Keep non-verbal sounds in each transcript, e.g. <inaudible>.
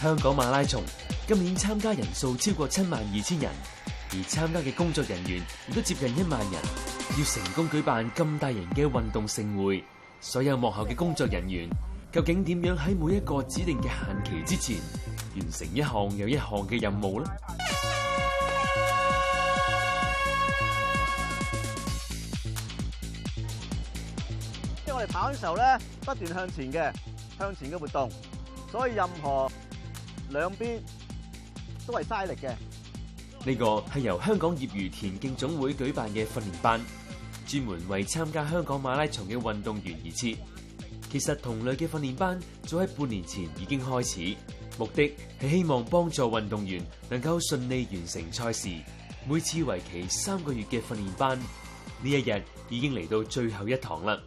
香港馬拉松今年參加人數超過七萬二千人，而參加嘅工作人員亦都接近一萬人。要成功舉辦咁大型嘅運動盛會，所有幕後嘅工作人員究竟點樣喺每一個指定嘅限期之前完成一項又一項嘅任務呢？即係我哋跑嘅時候咧，不斷向前嘅向前嘅活動，所以任何。兩邊都係嘥力嘅。呢個係由香港業餘田徑總會舉辦嘅訓練班，專門為參加香港馬拉松嘅運動員而設。其實同類嘅訓練班早喺半年前已經開始，目的係希望幫助運動員能夠順利完成賽事。每次為期三個月嘅訓練班，呢一日已經嚟到最後一堂啦。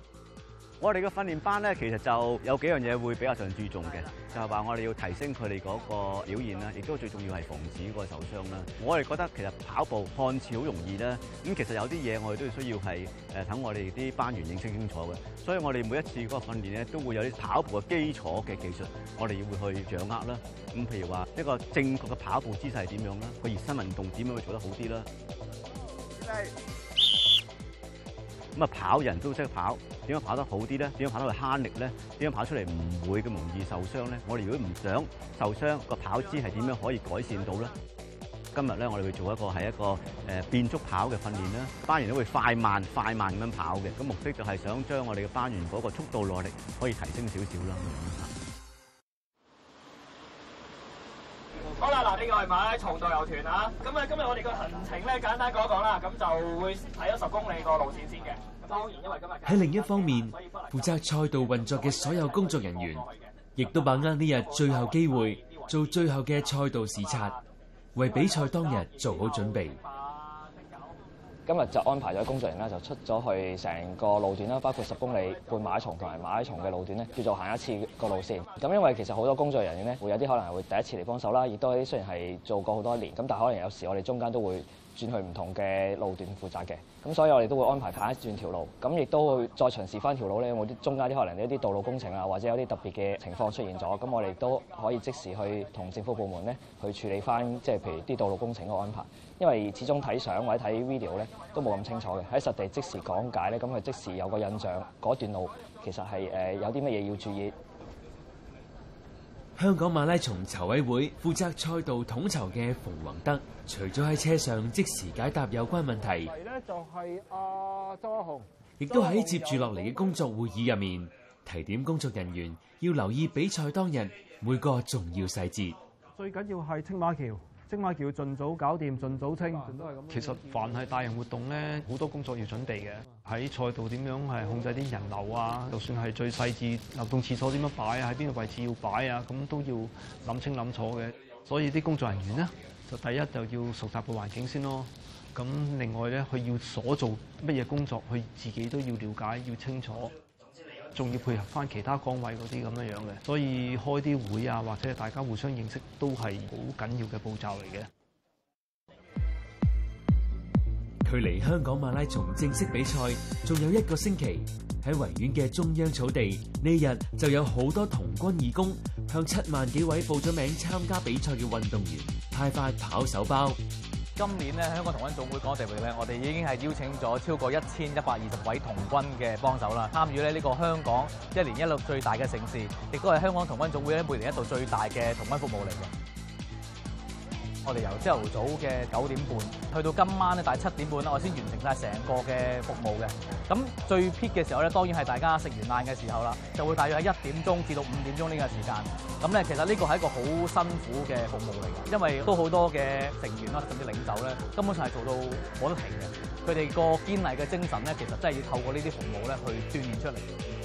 我哋嘅訓練班咧，其實就有幾樣嘢會比較上注重嘅，就係話我哋要提升佢哋嗰個表現啦，亦都最重要係防止嗰個受傷啦。我哋覺得其實跑步看似好容易啦，咁其實有啲嘢我哋都需要係誒等我哋啲班員認清清楚嘅。所以我哋每一次嗰個訓練咧，都會有啲跑步嘅基礎嘅技術，我哋要會去掌握啦。咁譬如話一個正確嘅跑步姿勢係點樣啦，個熱身運動點樣會做得好啲啦。咁啊跑人都識跑，點樣跑得好啲咧？點樣跑得去慳力咧？點樣跑出嚟唔會咁容易受傷咧？我哋如果唔想受傷，個跑姿係點樣可以改善到咧？今日咧我哋會做一個係一個、呃、變速跑嘅訓練啦，班員都會快慢快慢咁樣跑嘅，咁目的就係想將我哋嘅班員嗰個速度耐力可以提升少少啦。重長途遊團啊，咁啊今日我哋個行程咧簡單講一講啦，咁就會睇咗十公里個路線先嘅。當然因為今日喺另一方面，負責賽道運作嘅所有工作人員，亦都把握呢日最後機會做最後嘅賽道視察，為比賽當日做好準備。今日就安排咗工作人員啦，就出咗去成個路段啦，包括十公里半馬蟲同埋馬拉松嘅路段咧，叫做行一次個路線。咁因為其實好多工作人員咧，會有啲可能係會第一次嚟幫手啦，亦都啲雖然係做過好多年，咁但係可能有時我哋中間都會轉去唔同嘅路段負責嘅，咁所以我哋都會安排下一轉條路，咁亦都會再巡視翻條路咧，有冇啲中間啲可能一啲道路工程啊，或者有啲特別嘅情況出現咗，咁我哋都可以即時去同政府部門咧去處理翻，即係譬如啲道路工程個安排，因為始終睇相或者睇 video 咧都冇咁清楚嘅，喺實地即時講解咧，咁佢即時有個印象，嗰段路其實係誒有啲乜嘢要注意。香港馬拉松籌委會負責賽道統籌嘅馮宏德，除咗喺車上即時解答有關問題，係咧就係阿多雄，亦都喺接住落嚟嘅工作會議入面，提點工作人員要留意比賽當日每個重要細節，最緊要係青馬橋。青馬橋盡早搞掂，盡早清。其實，凡係大型活動咧，好多工作要準備嘅。喺賽道點樣係控制啲人流啊？就算係最細緻，流動廁所點樣擺啊？喺邊個位置要擺啊？咁都要諗清諗楚嘅。所以啲工作人員咧，就第一就要熟習個環境先咯。咁另外咧，佢要所做乜嘢工作，佢自己都要了解要清楚。仲要配合翻其他崗位嗰啲咁樣樣嘅，所以開啲會啊，或者大家互相認識都係好緊要嘅步驟嚟嘅。距離香港馬拉松正式比賽仲有一個星期，喺維園嘅中央草地，呢日就有好多童軍義工向七萬幾位報咗名參加比賽嘅運動員派發跑手包。今年咧，香港童軍總會講地會咧，我哋已經係邀請咗超過一千一百二十位童軍嘅幫手啦，參與咧呢個香港一年一度最大嘅盛事，亦都係香港童軍總會咧每年一度最大嘅童軍服務嚟嘅。我哋由朝頭早嘅九點半去到今晚咧，大七點半啦，我先完成晒成個嘅服務嘅。咁最撇嘅時候咧，當然係大家食完晏嘅時候啦，就會大約喺一點鐘至到五點鐘呢個時間。咁咧，其實呢個係一個好辛苦嘅服務嚟嘅，因為都好多嘅成員啦，甚至領袖咧，根本上係做到冇得停嘅。佢哋個堅毅嘅精神咧，其實真係要透過呢啲服務咧去鍛鍊出嚟。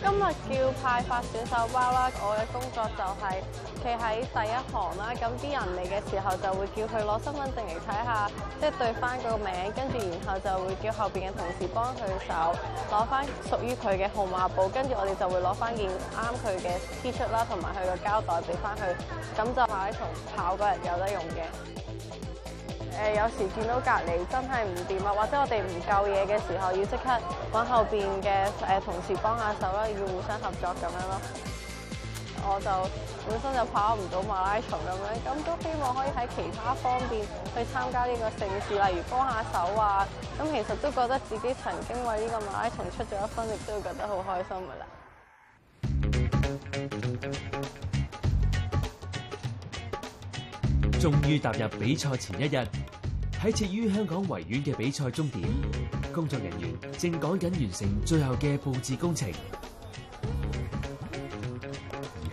今日叫派發選手包啦，我嘅工作就係企喺第一行啦。咁啲人嚟嘅時候就會叫佢攞身份證嚟睇下，即係對翻嗰個名，跟住然後就會叫後邊嘅同事幫佢手攞翻屬於佢嘅號碼布，跟住我哋就會攞翻件啱佢嘅 T 恤啦，同埋佢個膠袋俾翻佢，咁就係從跑嗰日有得用嘅。誒有時見到隔離真係唔掂啊，或者我哋唔夠嘢嘅時候，要即刻搵後邊嘅誒同事幫下手啦，要互相合作咁樣咯。我就本身就跑唔到馬拉松咁樣，咁都希望可以喺其他方面去參加呢個盛事，例如幫下手啊。咁其實都覺得自己曾經為呢個馬拉松出咗一分力，都會覺得好開心噶啦。終於踏入比賽前一日，喺設於香港維園嘅比賽終點，工作人員正趕緊完成最後嘅佈置工程。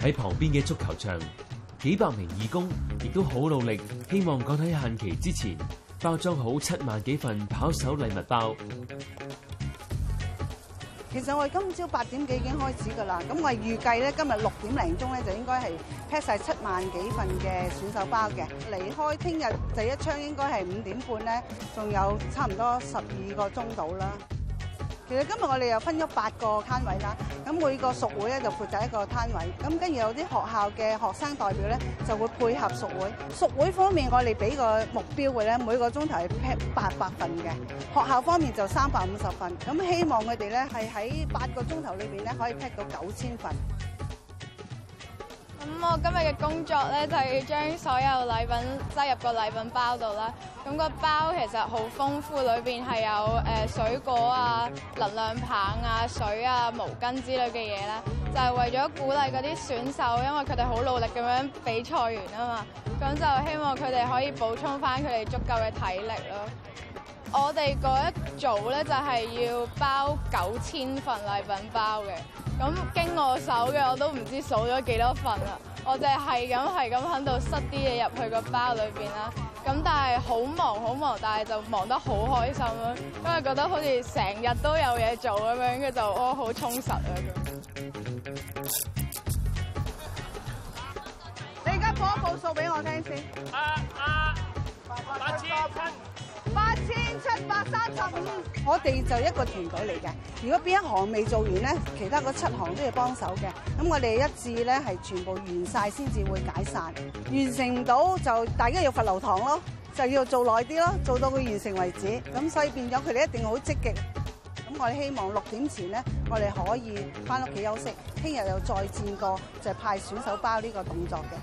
喺旁邊嘅足球場，幾百名義工亦都好努力，希望趕喺限期之前包裝好七萬幾份跑手禮物包。其實我哋今朝八點幾已經開始㗎啦，咁我哋預計咧今日六點零鐘咧就應該係批晒七萬幾份嘅選手包嘅，離開聽日第一槍應該係五點半咧，仲有差唔多十二個鐘到啦。其實今日我哋又分咗八個攤位啦，咁每個屬會咧就負責一個攤位，咁跟住有啲學校嘅學生代表咧就會配合屬會。屬會方面，我哋俾個目標嘅咧，每個鐘頭係派八百份嘅，學校方面就三百五十份，咁希望佢哋咧係喺八個鐘頭裏面咧可以派到九千份。咁我今日嘅工作咧就要、是、將所有禮品擠入個禮品包度啦。咁個包其實好豐富，裏邊係有誒水果啊、能量棒啊、水啊、毛巾之類嘅嘢咧，就係、是、為咗鼓勵嗰啲選手，因為佢哋好努力咁樣比賽完啊嘛，咁就希望佢哋可以補充翻佢哋足夠嘅體力咯。我哋嗰一組咧就係要包九千份禮品包嘅，咁經我手嘅我都唔知數咗幾多份啦，我哋係咁係咁喺度塞啲嘢入去個包裏邊啦，咁但。好忙好忙，但係就忙得好開心咯，因為覺得好似成日都有嘢做咁樣，佢就哦好充實啊。你而家報一報數俾我聽先，啊，啊，八千七百八千七百三十五。我哋就一個團隊嚟嘅，如果邊一行未做完咧，其他嗰七行都要幫手嘅。咁我哋一致咧係全部完晒先至會解散，完成唔到就大家要罰留堂咯。就要做耐啲咯，做到佢完成為止。咁所以變咗，佢哋一定好積極。咁我哋希望六點前呢，我哋可以翻屋企休息。聽日又再戰過，就係派選手包呢個動作嘅。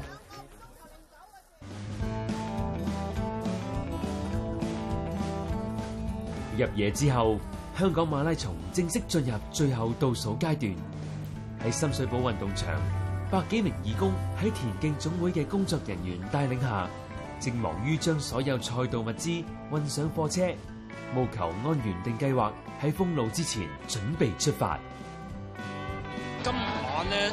入夜之後，香港馬拉松正式進入最後倒數階段。喺深水埗運動場，百幾名義工喺田徑總會嘅工作人員帶領下，正忙於將所有賽道物資運上貨車，務求按原定計劃喺封路之前準備出發。今晚咧，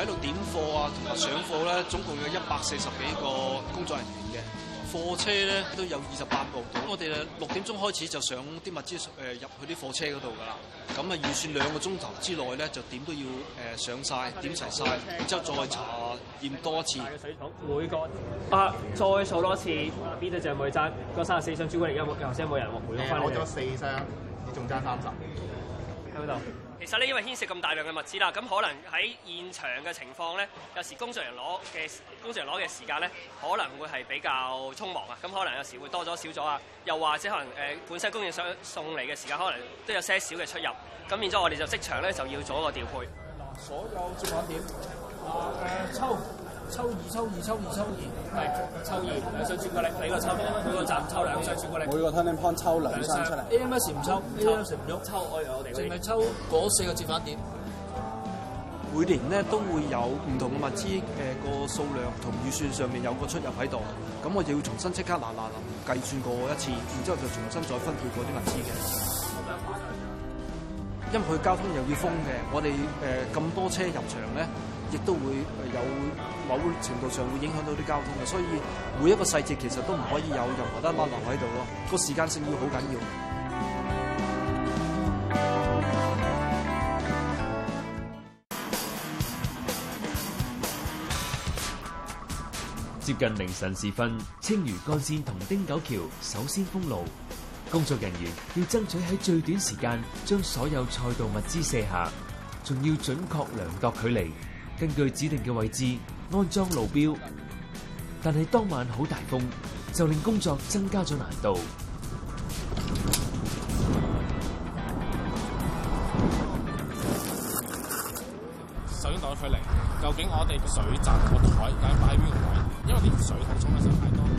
誒喺度點貨啊，同埋上貨咧，總共有一百四十幾個工作人員嘅。貨車咧都有二十八部，我哋六點鐘開始就上啲物資誒入去啲貨車嗰度㗎啦。咁啊預算兩個鐘頭之內咧就點都要誒上晒、點齊晒，然之後再查驗多次。每個啊再數多次。邊度仲未爭？嗰三十四箱朱古力有冇頭先冇人喎？攞咗四箱，你仲爭三十？喺度。其實咧，因為牽涉咁大量嘅物資啦，咁可能喺現場嘅情況咧，有時工作人員攞嘅工作人員攞嘅時間咧，可能會係比較匆忙啊，咁可能有時會多咗少咗啊，又或者可能誒、呃、本身供應商送嚟嘅時間可能都有些少嘅出入，咁變咗我哋就即場咧就要做一個調配。嗱，所有接款點啊抽。 <laughs> <laughs> 抽二抽二抽二抽二，係抽二兩箱朱古力俾個抽，每個站抽兩箱朱古力，個每個 Turning Point 抽兩箱出嚟。AMS 唔、啊、抽，AMS 唔喐，用抽愛我哋。淨係抽嗰四個節點。每年咧都會有唔同嘅物資誒個數量同預算上面有個出入喺度，咁我哋要重新即刻嗱嗱臨計算過一次，然之後就重新再分配嗰啲物資嘅。因為佢交通又要封嘅，我哋誒咁多車入場咧。亦都會有某程度上會影響到啲交通嘅，所以每一個細節其實都唔可以有任何得甩漏喺度咯。個時間性很要好緊要。接近凌晨時分，青嶼幹線同汀九橋首先封路，工作人員要爭取喺最短時間將所有賽道物資卸下，仲要準確量度距離。根據指定嘅位置安裝路標，但係當晚好大風，就令工作增加咗難度。首先度咗距離，究竟我哋水站個台應該擺喺邊個位？因為啲水太重，太多。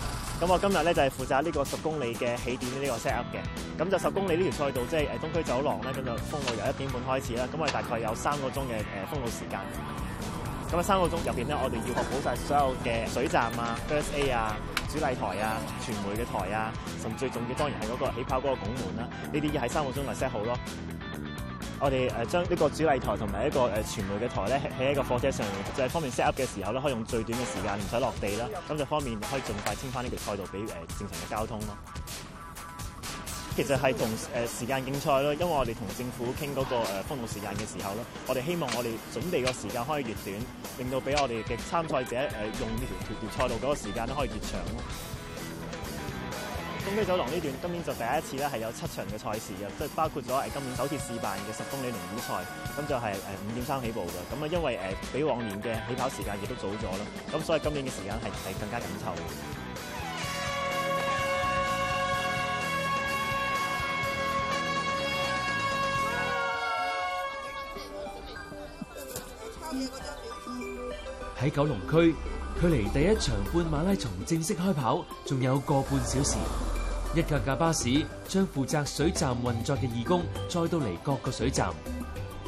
咁我今日咧就係負責呢個十公里嘅起點呢個 set up 嘅，咁就十公里呢條賽道即係誒東區走廊咧，咁就封路由一點半開始啦，咁我哋大概有三個鐘嘅誒封路時間。咁啊三個鐘入邊咧，我哋要確保晒所有嘅水站啊、First A 啊、主禮台啊、傳媒嘅台啊，甚至最重要當然係嗰個起跑嗰個拱門啦，啊，呢啲要喺三個鐘內 set 好咯。我哋誒將呢個主禮台同埋一個誒傳媒嘅台咧，喺喺一個貨車上面，就係、是、方便 set up 嘅時候咧，可以用最短嘅時間，唔使落地啦。咁就方便可以盡快清翻呢條賽道俾誒正常嘅交通咯。其實係同誒時間競賽咯，因為我哋同政府傾嗰個誒封路時間嘅時候咯，我哋希望我哋準備個時間可以越短，令到俾我哋嘅參賽者誒用呢條條，條條賽道嗰個時間都可以越長咯。港威走廊呢段，今年就第一次咧，係有七場嘅賽事嘅，即係包括咗誒，今年首次試辦嘅十公里輪椅賽，咁就係誒五點三起步嘅。咁啊，因為誒比往年嘅起跑時間亦都早咗咯，咁所以今年嘅時間係係更加緊湊嘅。喺九龍區，距離第一場半馬拉松正式開跑仲有個半小時。一架架巴士將負責水站運作嘅義工，載到嚟各個水站。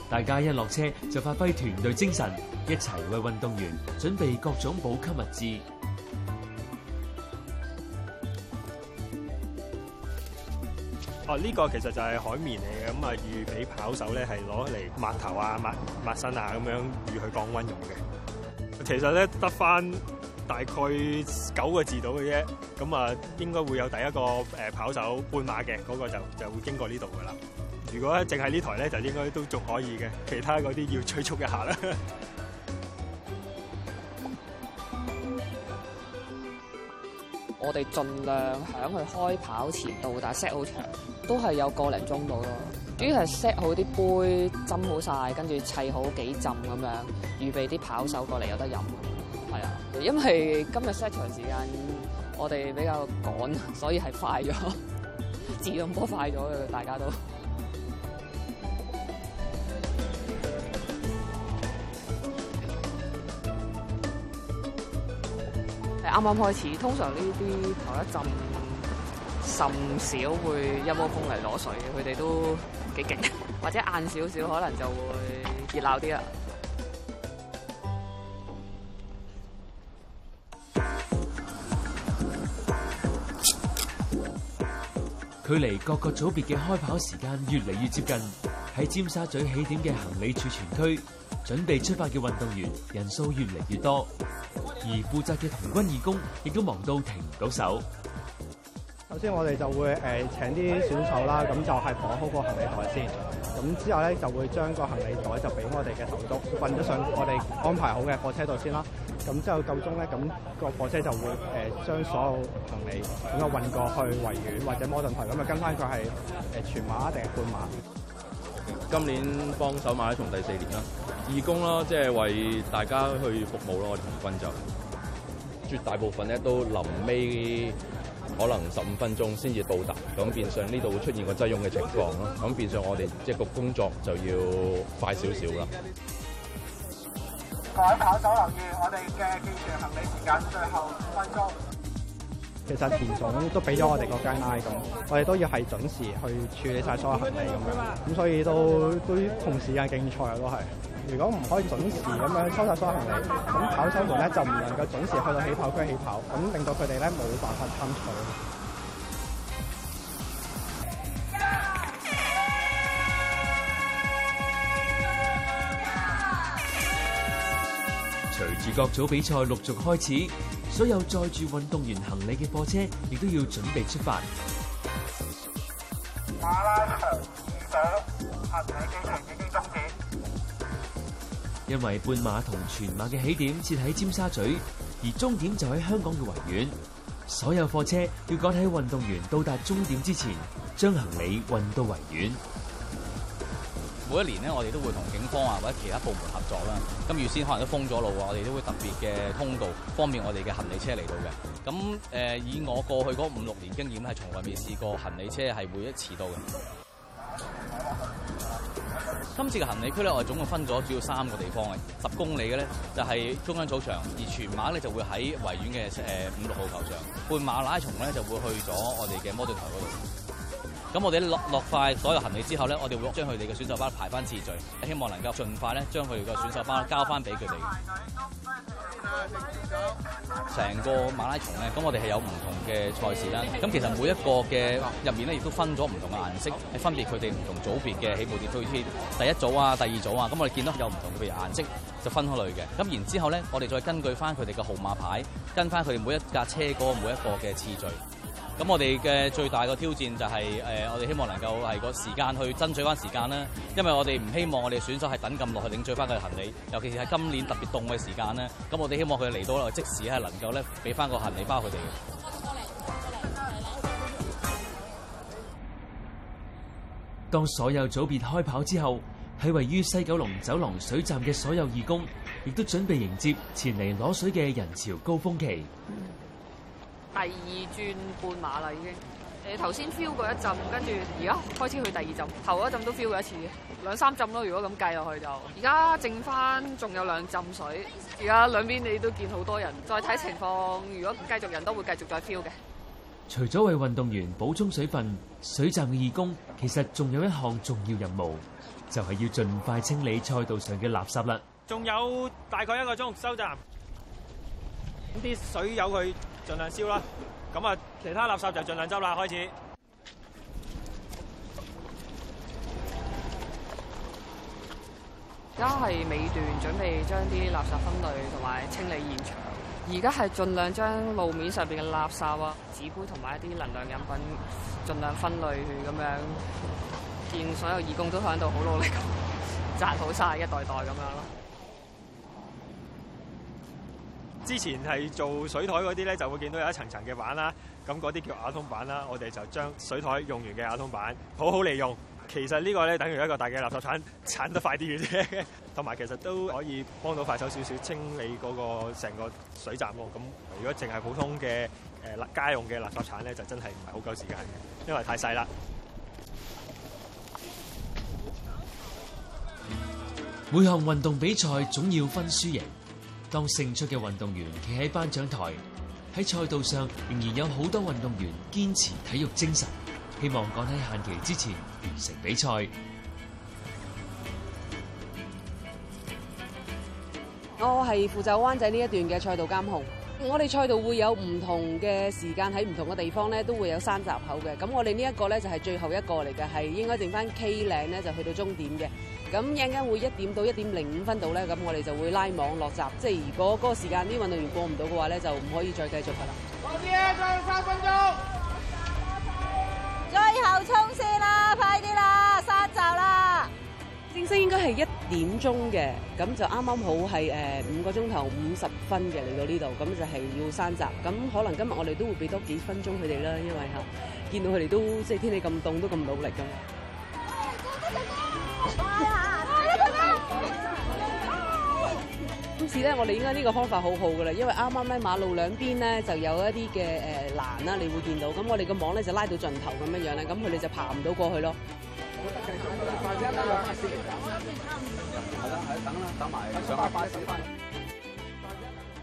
大家一落車就發揮團隊精神，一齊為運動員準備各種補給物資。哦，呢個其實就係海綿嚟嘅，咁啊預備跑手咧係攞嚟抹頭啊、抹抹身啊，咁樣預去降溫用嘅。其實咧得翻。大概九個字到嘅啫，咁啊，應該會有第一個誒跑手半馬嘅，嗰個就就會經過呢度噶啦。如果淨係呢台咧，就應該都仲可以嘅，其他嗰啲要催促一下啦。我哋盡量響佢開跑前到達 set 好場，都係有個零鐘到咯。主要係 set 好啲杯，斟好晒，跟住砌好幾浸咁樣，預備啲跑手過嚟有得飲。係啊，因為今日 set 場時間我哋比較趕，所以係快咗，自動波快咗嘅，大家都係啱啱開始。通常呢啲頭一浸甚少會一窩蜂嚟攞水，佢哋都幾勁。或者晏少少可能就會熱鬧啲啊。距離各個組別嘅開跑時間越嚟越接近，喺尖沙咀起點嘅行李儲存區準備出發嘅運動員人數越嚟越多，而負責嘅童軍義工亦都忙到停唔到手。首先，我哋就會誒請啲選手啦，咁就係攞好個行李台先，咁之後咧就會將個行李袋就俾我哋嘅頭督運咗上我哋安排好嘅貨車度先啦。咁之後夠鐘咧，咁、那個火車就會誒、呃、將所有行李咁啊運過去維園或者摩頓台，咁啊跟翻佢係誒全馬定係半馬。今年幫手馬拉松第四年啦，義工啦，即、就、係、是、為大家去服務咯。我哋同軍就絕大部分咧都臨尾可能十五分鐘先至到達，咁變相呢度會出現個擠擁嘅情況咯。咁變相我哋即個工作就要快少少啦。各位跑手留意，我哋嘅寄存行李時間最後五分鐘。其實田總都俾咗我哋個 deadline 咁，我哋都要係準時去處理晒所有行李咁樣，咁所以都都同時間競賽啊，都係。如果唔可以準時咁樣收晒所有行李，咁跑手們咧就唔能夠準時去到起跑區起跑，咁令到佢哋咧冇辦法參賽。各組比賽陸續開始，所有載住運動員行李嘅貨車亦都要準備出發。馬拉松遇上行李機場已經終點，因為半馬同全馬嘅起點設喺尖沙咀，而終點就喺香港嘅維園，所有貨車要趕喺運動員到達終點之前，將行李運到維園。每一年咧，我哋都會同警方啊或者其他部門合作啦。咁預先可能都封咗路喎，我哋都會特別嘅通道，方便我哋嘅行李車嚟到嘅。咁誒、呃，以我過去嗰五六年經驗，係從來未試過行李車係會一遲到嘅。 <noise> 今次嘅行李區咧，我哋總共分咗主要三個地方嘅，十公里嘅咧，就係中央草場；而全馬咧就會喺維園嘅誒五六號球場，半馬拉松咧就會去咗我哋嘅摩頓台嗰度。咁我哋落落快所有行李之後咧，我哋會將佢哋嘅選手包排翻次序，希望能夠盡快咧將佢哋嘅選手包交翻俾佢哋。成個馬拉松咧，咁我哋係有唔同嘅賽事啦。咁、嗯、其實每一個嘅入面咧，亦都分咗唔同嘅顏色，係分別佢哋唔同組別嘅起步點、推車第一組啊、第二組啊。咁我哋見到有唔同嘅顏色，就分開類嘅。咁然之後咧，我哋再根據翻佢哋嘅號碼牌，跟翻佢哋每一架車嗰個每一個嘅次序。咁我哋嘅最大個挑戰就係呃，我哋希望能夠係個時間去爭取翻時間啦，因為我哋唔希望我哋選手係等咁耐去領取翻佢嘅行李，尤其是係今年特別凍嘅時間呢。咁我哋希望佢嚟到咧，即時係能夠咧俾翻個行李包佢哋嘅。當所有組別開跑之後，喺位於西九龍走廊水站嘅所有義工，亦都準備迎接前嚟攞水嘅人潮高峰期。第二轉半馬啦，已經。誒、呃，頭先 feel 過一浸，跟住而家開始去第二浸。頭一浸都 feel 過一次嘅，兩三浸咯。如果咁計落去就，而家剩翻仲有兩浸水。而家兩邊你都見好多人，再睇情況。如果繼續人都會繼續再 feel 嘅。除咗為運動員補充水分，水站嘅義工其實仲有一項重要任務，就係、是、要盡快清理賽道上嘅垃圾啦。仲有大概一個鐘收站，咁啲水有佢。盡量燒啦，咁啊，其他垃圾就盡量執啦。開始，而家係尾段，準備將啲垃圾分類同埋清理現場。而家係盡量將路面上面嘅垃圾啊、紙杯同埋一啲能量飲品盡量分類去咁樣。見所有義工都響度好努力，執好晒一袋袋咁樣咯。之前係做水台嗰啲呢，就會見到有一層層嘅板啦。咁嗰啲叫瓦通板啦。我哋就將水台用完嘅瓦通板好好利用。其實呢個呢，等於一個大嘅垃圾鏟，鏟得快啲嘅啫。同埋其實都可以幫到快手少少清理嗰個成個水站咯。咁如果淨係普通嘅誒家用嘅垃圾鏟呢，就真係唔係好夠時間嘅，因為太細啦。每項運動比賽總要分輸贏。當勝出嘅運動員企喺頒獎台，喺賽道上仍然有好多運動員堅持體育精神，希望趕喺限期之前完成比賽。我係負責灣仔呢一段嘅賽道監控。我哋賽道會有唔同嘅時間喺唔同嘅地方咧，都會有三閘口嘅。咁我哋呢一個咧就係最後一個嚟嘅，係應該剩翻 K 嶺咧就去到終點嘅。咁陣間會一點到一點零五分度咧，咁我哋就會拉網落閘。即係如果嗰個時間啲運動員過唔到嘅話咧，就唔可以再繼續喇。我哋啊，仲有三分鐘，最後衝線啦，快啲啦，三閘啦。正式應該係一點鐘嘅，咁就啱啱好係誒五個鐘頭五十分嘅嚟到呢度，咁就係要閂閘。咁可能今日我哋都會俾多幾分鐘佢哋啦，因為吓、啊，見到佢哋都即係天氣咁凍，都咁努力㗎。堅持到底！今次咧，我哋應該呢個方法好好噶啦，因為啱啱咧馬路兩邊咧就有一啲嘅誒欄啦，你會見到。咁我哋個網咧就拉到盡頭咁樣樣喇，咁佢哋就爬唔到過去咯。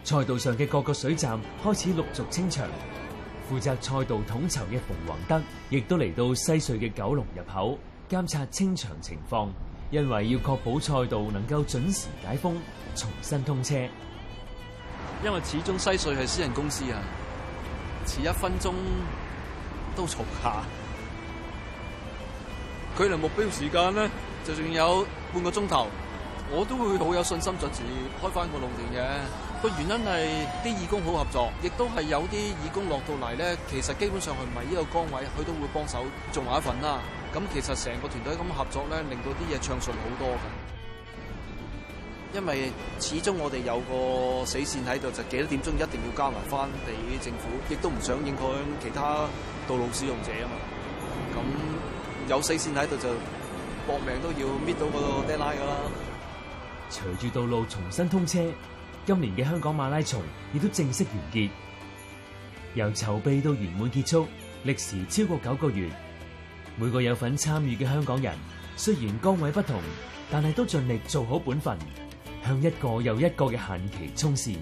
賽道上嘅各個水站開始陸續清場，負責賽道統籌嘅馮宏德亦都嚟到西隧嘅九龍入口監察清場情況，因為要確保賽道能夠準時解封，重新通車。因為始終西隧係私人公司啊，遲一分鐘都嘈下。距離目標時間咧，就仲有半個鐘頭，我都會好有信心準時開翻個路段嘅。個原因係啲義工好合作，亦都係有啲義工落到嚟咧，其實基本上佢唔係呢個崗位，佢都會幫手做埋一份啦。咁其實成個團隊咁合作咧，令到啲嘢暢順好多㗎！因為始終我哋有個死線喺度，就幾多點鐘一定要交埋翻俾政府，亦都唔想影響其他道路使用者啊嘛。有死線喺度就搏命都要搣到那個爹奶噶啦！隨住道路重新通車，今年嘅香港馬拉松亦都正式完結。由籌備到圓滿結束，歷時超過九個月。每個有份參與嘅香港人，雖然崗位不同，但係都盡力做好本份，向一個又一個嘅限期衝線。